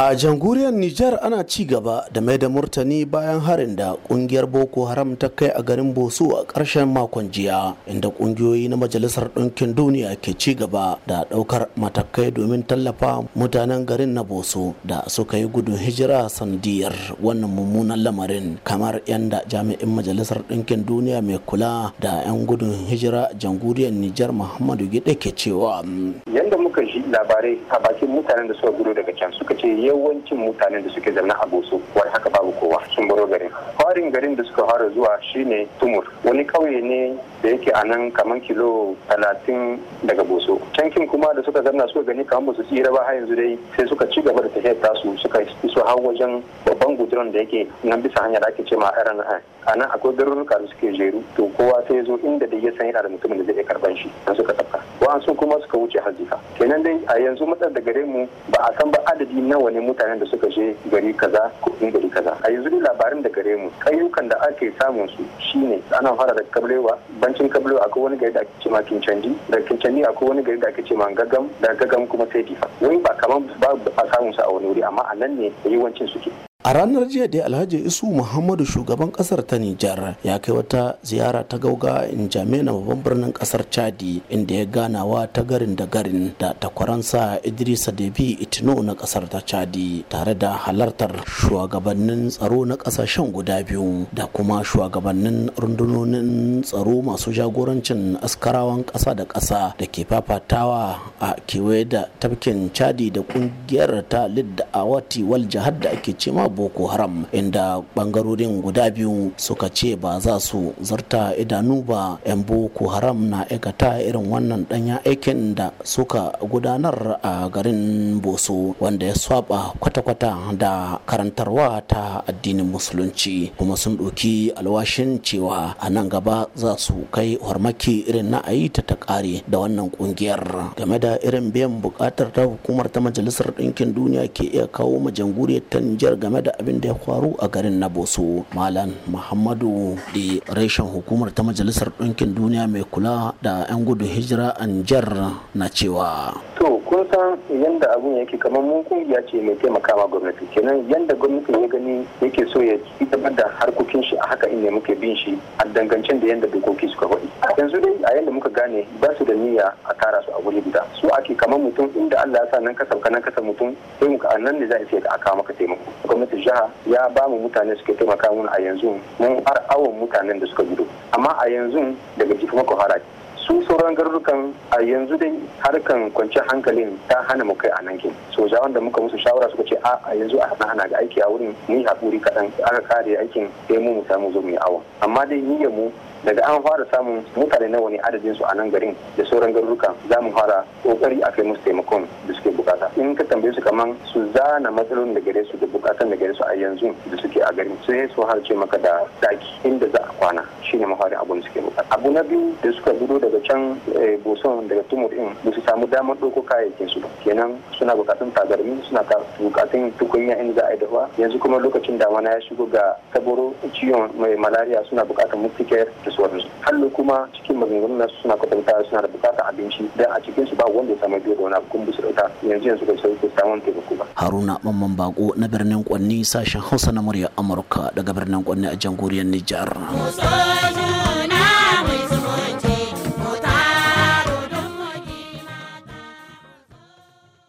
a jamhuriyar nijar ana ci gaba da mai da murtani bayan harin da kungiyar boko haram ta kai a garin boso a ƙarshen makon jiya inda kungiyoyi na majalisar ɗinkin duniya ke ci gaba da ɗaukar matakai domin tallafa mutanen garin na boso da suka yi gudun hijira sandiyar wannan mummunan lamarin kamar yadda jami'in majalisar ɗinkin duniya mai kula da 'yan gudun hijira jamhuriyar nijar muhammadu gide ke cewa yadda muka ji labarai a bakin mutanen da suka gudu daga can suka ce yawancin mutanen da suke zanna a boso wai haka babu kowa sun baro garin farin garin da suka fara zuwa shine tumur wani kauye ne da yake a nan kaman kilo talatin daga boso cankin kuma da suka zanna suka gani kamar su tsira ba har yanzu dai sai suka ci gaba da tafiyar tasu suka iso har wajen babban guduran da yake nan bisa hanya da ake ce ma RNI a nan akwai garuruka da suke jeru to kowa sai ya zo inda da ya san yana da mutumin da zai karban shi dan suka tsafka wa'ansu kuma suka wuce hajjika kenan dai a yanzu matsar da gare mu ba a san ba adadi nawa ne mutanen da suka je gari kaza ko gari kaza a yanzu labarin da gare mu kayyukan da ake samun su shine ana fara da kablewa bancin kablewa akwai wani gari da ake ce ma kincandi da kincandi akwai wani gari da ake ce ma gagam da gagam kuma sai difa wani ba kamar ba a samun su a wani wuri amma a nan ne yawancin suke A ranar jiya da Alhaji Isu Muhammadu shugaban kasar ta Nijar ya kai wata ziyara ta gauga in na babban birnin kasar Chadi inda ya ganawa ta garin da garin da takwaransa Idrisa Debi Itino na kasar ta Chadi tare da halartar shugabannin tsaro na kasashen guda biyu da kuma shugabannin rundunonin tsaro masu jagorancin askarawan kasa da kasa da ke fafatawa a kewaye da tafkin Chadi da kungiyar ta Lidda Awati wal Jihad da ake cema boko haram inda bangarorin guda biyu suka ce ba za su zarta idanu ba 'yan boko haram na aikata irin wannan danya aikin da suka gudanar a garin boso wanda ya saba kwata-kwata da karantarwa ta addinin musulunci kuma sun ɗauki alwashin cewa a nan gaba za su kai farmaki irin na ayi ta ta kare da wannan kungiyar game da irin biyan bukatar ta hukumar ta majalisar ɗinkin duniya ke iya kawo majanguriyar ta nijar game da abin da ya faru a garin na boso malam muhammadu da reshen hukumar ta majalisar ɗinkin duniya mai kula da 'yan gudun hijira a nijar na cewa to abin yake kamar mun kungiya ce mai taimaka ma gwamnati kenan yanda gwamnati ya gani yake so ya tabbatar da harkokin shi a haka in ne muke bin shi a dangancin da yanda dokoki suka faɗi yanzu dai a yanda muka gane ba su da niyya a tara su a wuri guda su ake kamar mutum inda Allah ya sa nan ka nan mutum sai muka a nan ne za a da a kawo maka taimako gwamnatin jiha ya ba mu mutane suke taimaka mun a yanzu mun har awon mutanen da suka gudu amma a yanzu daga jikin makwara su sauran garurukan a yanzu dai harkan kwanciyar hankalin ta hana mu kai a nan so da muka musu shawara suka ce a yanzu a hana ga aiki a wurin ni haƙuri kaɗan aka kare aikin sai mu mu samu zo mu yi awon amma dai niyyar mu daga an fara samun mutane nawa ne adadin su a nan garin da sauran garuruka za mu fara kokari a kai musu taimakon da suke bukata in ka tambaye su kaman su zana matsalolin da gare su da bukatan da gare su a yanzu da suke a garin sai su harce maka da daki inda za a kwana shine mafarin abun da suke bukata abu na biyu da suka gudu daga can eh, boson daga tumur din ba su samu damar ɗauko kayayyakin su kenan suna bukatun tagarmi suna bukatun tukunya in za a yi dafa yanzu kuma lokacin damana ya shigo ga saboro ciwon mai malaria suna bukatun mutikiyar da sauransu hallo kuma cikin maganganun nasu suna kwatanta suna da bukatun abinci dan a cikin su ba wanda ya samu biyo da wani abu kuma su dauka yanzu yanzu ba sai ku samu taimako ba haruna mamman bako na birnin kwanni sashen hausa na murya amurka daga birnin kwanni a jamhuriyar nijar.